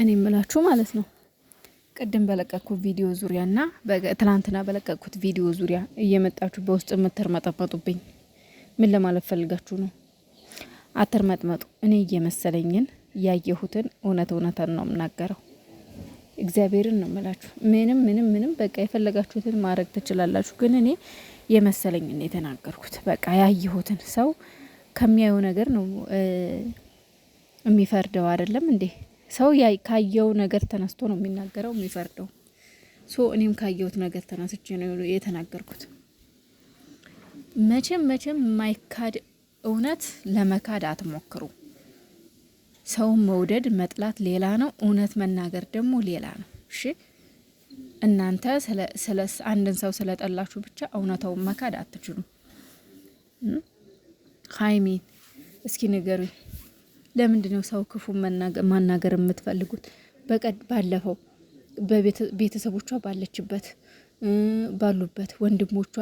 እኔ የምላችሁ ማለት ነው ቅድም በለቀኩት ቪዲዮ ዙሪያና ትናንትና በለቀኩት ቪዲዮ ዙሪያ እየመጣችሁ በውስጥ የምትርመጠመጡብኝ ምን ለማለት ፈልጋችሁ ነው? አትርመጥመጡ። እኔ እየመሰለኝን ያየሁትን እውነት እውነትን ነው የምናገረው። እግዚአብሔርን ነው የምላችሁ። ምንም ምንም ምንም በቃ የፈለጋችሁትን ማድረግ ትችላላችሁ። ግን እኔ የመሰለኝን የተናገርኩት። በቃ ያየሁትን ሰው ከሚያየው ነገር ነው የሚፈርደው አይደለም እንዴ? ሰው ካየው ነገር ተነስቶ ነው የሚናገረው የሚፈርደው። ሶ እኔም ካየሁት ነገር ተነስቼ ነው የተናገርኩት። መቼም መቼም የማይካድ እውነት ለመካድ አትሞክሩ። ሰውን መውደድ መጥላት ሌላ ነው፣ እውነት መናገር ደግሞ ሌላ ነው። እሺ እናንተ ስለ አንድን ሰው ስለጠላችሁ ብቻ እውነታውን መካድ አትችሉም። ሀይሚን እስኪ ንገሩኝ። ለምንድነው ሰው ክፉ ማናገር የምትፈልጉት? በቀድ ባለፈው ቤተሰቦቿ ባለችበት ባሉበት ወንድሞቿ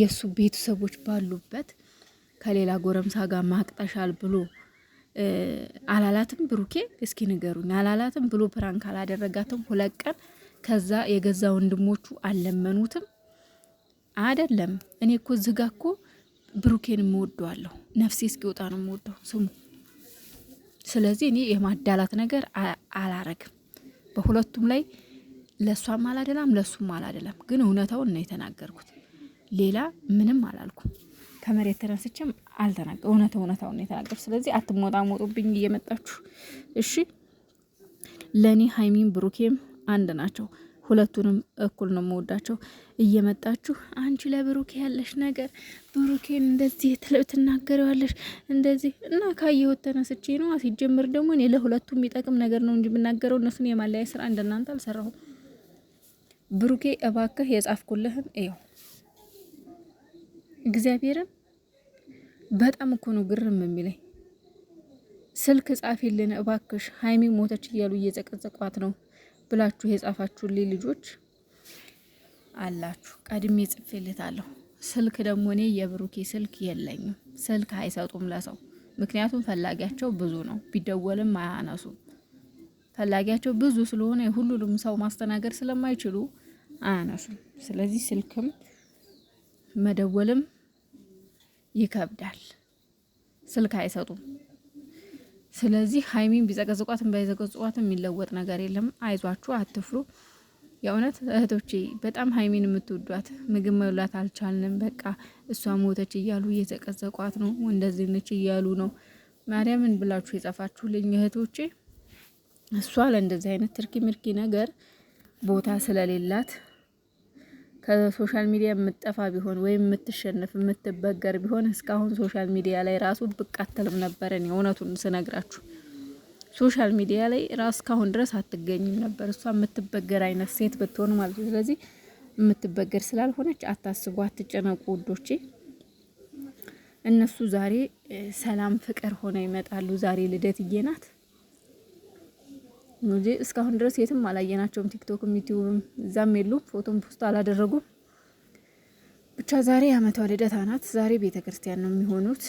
የእሱ ቤተሰቦች ባሉበት ከሌላ ጎረምሳ ጋር ማቅጠሻል ብሎ አላላትም። ብሩኬ እስኪ ንገሩኝ፣ አላላትም ብሎ ፕራንክ አላደረጋትም ሁለት ቀን። ከዛ የገዛ ወንድሞቹ አልለመኑትም አደለም። እኔ እኮ ዝጋ እኮ ብሩኬን እምወደዋለሁ፣ ነፍሴ እስኪወጣ ነው እምወደው ስሙ ስለዚህ እኔ የማዳላት ነገር አላረግም። በሁለቱም ላይ ለእሷም አላደላም፣ ለእሱም አላደላም። ግን እውነታውን ነው የተናገርኩት። ሌላ ምንም አላልኩም። ከመሬት ተነስቼም አልተናገ እውነት እውነታውን ነው የተናገርኩት። ስለዚህ አትሞጣሞጡብኝ እየመጣችሁ እሺ። ለእኔ ሀይሚን ብሩኬም አንድ ናቸው። ሁለቱንም እኩል ነው መወዳቸው። እየመጣችሁ አንቺ ለብሩኬ ያለሽ ነገር ብሩኬን እንደዚህ ትናገሪዋለሽ እንደዚህ እና ካየሁት ተነስቼ ነው። ሲጀምር ደግሞ እኔ ለሁለቱ የሚጠቅም ነገር ነው እንጂ የምናገረው እነሱን የማለያ ስራ እንደናንተ አልሰራሁም። ብሩኬ እባክህ የጻፍኩልህን እየው እግዚአብሔርን በጣም እኮ ነው ግርም የሚለኝ። ስልክ ጻፊልን እባክሽ ሀይሚ ሞተች እያሉ እየዘቀዘቋት ነው። ብላችሁ የጻፋችሁልኝ ልጆች አላችሁ። ቀድሜ ጽፌልታለሁ። ስልክ ደግሞ እኔ የብሩኬ ስልክ የለኝም። ስልክ አይሰጡም ለሰው ምክንያቱም ፈላጊያቸው ብዙ ነው። ቢደወልም አያነሱም። ፈላጊያቸው ብዙ ስለሆነ ሁሉንም ሰው ማስተናገድ ስለማይችሉ አያነሱም። ስለዚህ ስልክም መደወልም ይከብዳል። ስልክ አይሰጡም። ስለዚህ ሀይሚን ቢዘቀዝቋትም ባይዘቀዝቋትም የሚለወጥ ነገር የለም። አይዟችሁ፣ አትፍሩ። የእውነት እህቶቼ በጣም ሀይሚን የምትወዷት ምግብ መብላት አልቻልንም፣ በቃ እሷ ሞተች እያሉ እየዘቀዘቋት ነው፣ እንደዚህ ነች እያሉ ነው። ማርያምን ብላችሁ የጻፋችሁልኝ እህቶቼ እሷ ለእንደዚህ አይነት ትርኪ ምርኪ ነገር ቦታ ስለሌላት ከሶሻል ሚዲያ የምጠፋ ቢሆን ወይም የምትሸነፍ የምትበገር ቢሆን እስካሁን ሶሻል ሚዲያ ላይ ራሱ ብቅ አትልም ነበር። እኔ እውነቱን ስነግራችሁ ሶሻል ሚዲያ ላይ ራስ እስካሁን ድረስ አትገኝም ነበር። እሷ የምትበገር አይነት ሴት ብትሆን ማለት ነው። ስለዚህ የምትበገር ስላልሆነች አታስቡ፣ አትጨነቁ ውዶቼ። እነሱ ዛሬ ሰላም ፍቅር ሆነ ይመጣሉ። ዛሬ ልደትዬ ናት። እንጂ እስካሁን ድረስ የትም አላየናቸውም። ቲክቶክም ዩቲዩብም እዛም የሉ ፎቶም ፖስት አላደረጉም። ብቻ ዛሬ የአመቷ ልደታ ናት። ዛሬ ቤተ ክርስቲያን ነው የሚሆኑት።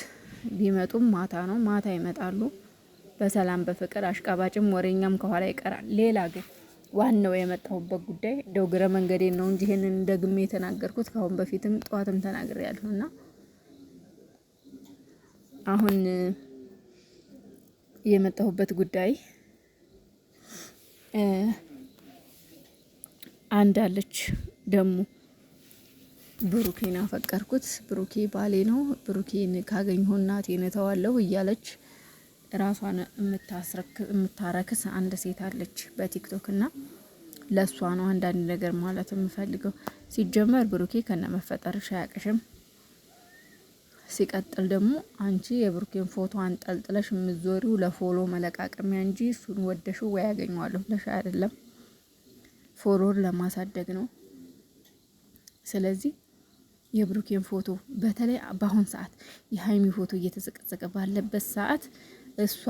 ቢመጡም ማታ ነው። ማታ ይመጣሉ በሰላም በፍቅር። አሽቃባጭም ወሬኛም ከኋላ ይቀራል። ሌላ ግን ዋናው የመጣሁበት ጉዳይ እንደው ግረ መንገዴን ነው እንጂ ይህንን ደግሜ የተናገርኩት ከአሁን በፊትም ጠዋትም ተናግሬ ያለሁ እና አሁን የመጣሁበት ጉዳይ አንድ አለች ደግሞ ብሩኬን አፈቀርኩት፣ ብሩኬ ባሌ ነው፣ ብሩኬን ካገኘሁ እናቴን እተዋለሁ እያለች ራሷን የምታረክስ አንድ ሴት አለች በቲክቶክ እና ለእሷ ነው አንዳንድ ነገር ማለት የምፈልገው። ሲጀመር ብሩኬ ከነ መፈጠርሽ አያቅሽም። ሲቀጥል ደግሞ አንቺ የብሩኬን ፎቶ አንጠልጥለሽ የምትዞሪው ለፎሎ መለቃቀሚያ እንጂ እሱን ወደሽው ወይ ያገኘዋለሁ ብለሽ አይደለም፣ ፎሎን ለማሳደግ ነው። ስለዚህ የብሩኬን ፎቶ በተለይ በአሁን ሰዓት የሀይሚ ፎቶ እየተዘቀዘቀ ባለበት ሰዓት እሷ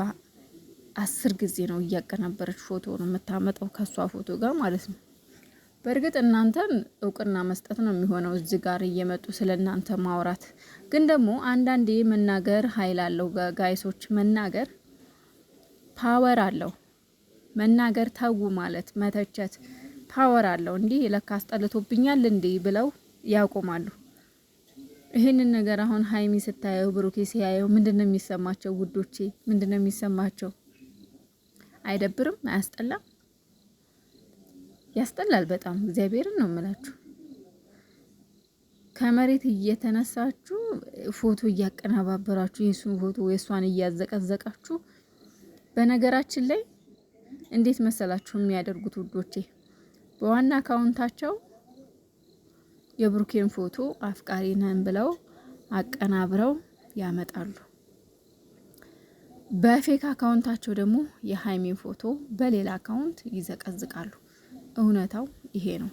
አስር ጊዜ ነው እያቀናበረች ፎቶ ነው የምታመጣው ከእሷ ፎቶ ጋር ማለት ነው። በእርግጥ እናንተን እውቅና መስጠት ነው የሚሆነው እዚህ ጋር እየመጡ ስለ እናንተ ማውራት። ግን ደግሞ አንዳንዴ መናገር ኃይል አለው ጋይሶች፣ መናገር ፓወር አለው። መናገር ተዉ ማለት መተቸት ፓወር አለው። እንዲህ ለካ አስጠልቶብኛል እንዴ ብለው ያቆማሉ። ይህንን ነገር አሁን ሀይሚ ስታየው፣ ብሩኬ ሲያየው ምንድን ነው የሚሰማቸው? ውዶቼ ምንድን ነው የሚሰማቸው? አይደብርም? አያስጠላም? ያስጠላል በጣም እግዚአብሔርን ነው የምላችሁ። ከመሬት እየተነሳችሁ ፎቶ እያቀነባበራችሁ የሱን ፎቶ የእሷን እያዘቀዘቃችሁ። በነገራችን ላይ እንዴት መሰላችሁ የሚያደርጉት ውዶቼ፣ በዋና አካውንታቸው የብሩኬን ፎቶ አፍቃሪ ነን ብለው አቀናብረው ያመጣሉ። በፌክ አካውንታቸው ደግሞ የሀይሚን ፎቶ በሌላ አካውንት ይዘቀዝቃሉ። እውነታው ይሄ ነው።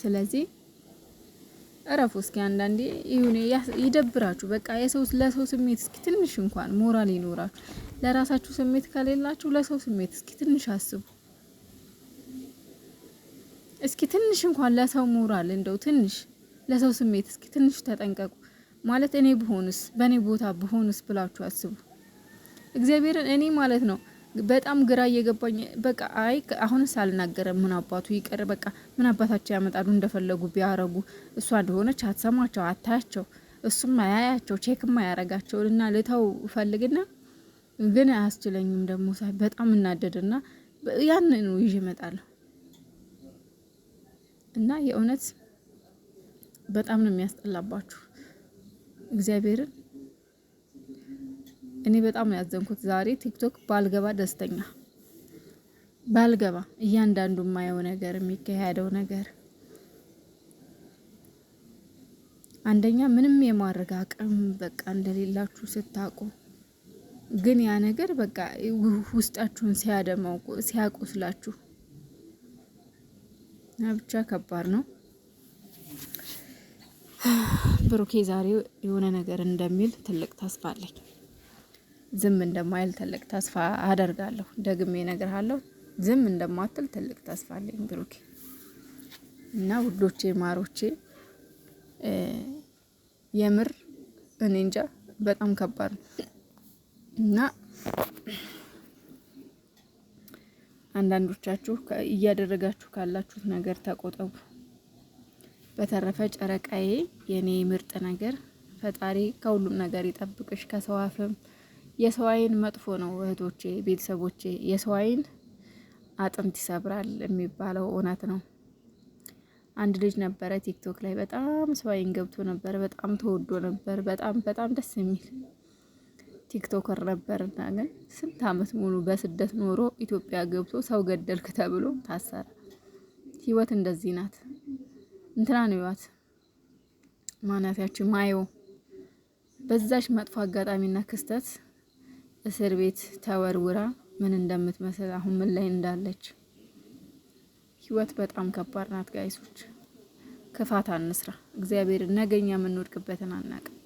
ስለዚህ እረፉ እስኪ። አንዳንዴ ይሁን ይደብራችሁ፣ በቃ የሰው ለሰው ስሜት እስኪ ትንሽ እንኳን ሞራል ይኖራችሁ። ለራሳችሁ ስሜት ከሌላችሁ ለሰው ስሜት እስኪ ትንሽ አስቡ። እስኪ ትንሽ እንኳን ለሰው ሞራል እንደው ትንሽ ለሰው ስሜት እስኪ ትንሽ ተጠንቀቁ። ማለት እኔ ብሆንስ፣ በእኔ ቦታ ብሆንስ ብላችሁ አስቡ። እግዚአብሔርን እኔ ማለት ነው በጣም ግራ እየገባኝ በቃ አይ አሁን ሳልናገረ ምን አባቱ ይቀር በቃ ምን አባታቸው ያመጣሉ እንደፈለጉ ቢያረጉ። እሷ እንደሆነች አትሰማቸው፣ አታያቸው፣ እሱም አያያቸው፣ ቼክም አያረጋቸው እና ልተው ፈልግና ግን አያስችለኝም። ደግሞ ሳይ በጣም እናደድና ያን ነው ይዤ እመጣለሁ እና የእውነት በጣም ነው የሚያስጠላባችሁ እግዚአብሔርን እኔ በጣም ነው ያዘንኩት ዛሬ። ቲክቶክ ባልገባ ደስተኛ ባልገባ፣ እያንዳንዱ የማየው ነገር የሚካሄደው ነገር አንደኛ ምንም የማድረግ አቅም በቃ እንደሌላችሁ ስታውቁ፣ ግን ያ ነገር በቃ ውስጣችሁን ሲያደማው ስላችሁ ብቻ ከባድ ነው። ብሩኬ ዛሬ የሆነ ነገር እንደሚል ትልቅ ተስፋ አለኝ። ዝም እንደማይል ትልቅ ተስፋ አደርጋለሁ። ደግሜ እነግርሃለሁ፣ ዝም እንደማትል ትልቅ ተስፋ አለኝ ብሩኬ እና ውዶቼ ማሮቼ፣ የምር እኔ እንጃ በጣም ከባድ ነው እና አንዳንዶቻችሁ እያደረጋችሁ ካላችሁት ነገር ተቆጠቡ። በተረፈ ጨረቃዬ፣ የኔ ምርጥ ነገር ፈጣሪ ከሁሉም ነገር ይጠብቅሽ ከሰው አፍም የሰው አይን መጥፎ ነው እህቶቼ፣ ቤተሰቦቼ። የሰው አይን አጥንት ይሰብራል የሚባለው እውነት ነው። አንድ ልጅ ነበረ ቲክቶክ ላይ በጣም ሰው አይን ገብቶ ነበር። በጣም ተወዶ ነበር። በጣም በጣም ደስ የሚል ቲክቶከር ነበርና ግን ስንት አመት ሙሉ በስደት ኖሮ ኢትዮጵያ ገብቶ ሰው ገደልክ ተብሎ ታሰረ። ህይወት እንደዚህ ናት። እንትና ነው ይዋት ማናት ያቺ ማየው በዛች መጥፎ አጋጣሚና ክስተት እስር ቤት ተወርውራ ምን እንደምትመስል አሁን ምን ላይ እንዳለች ህይወት በጣም ከባድ ናት። ጋይሶች ክፋት አንስራ። እግዚአብሔር ነገኛ የምንወድቅበትን አናውቅም።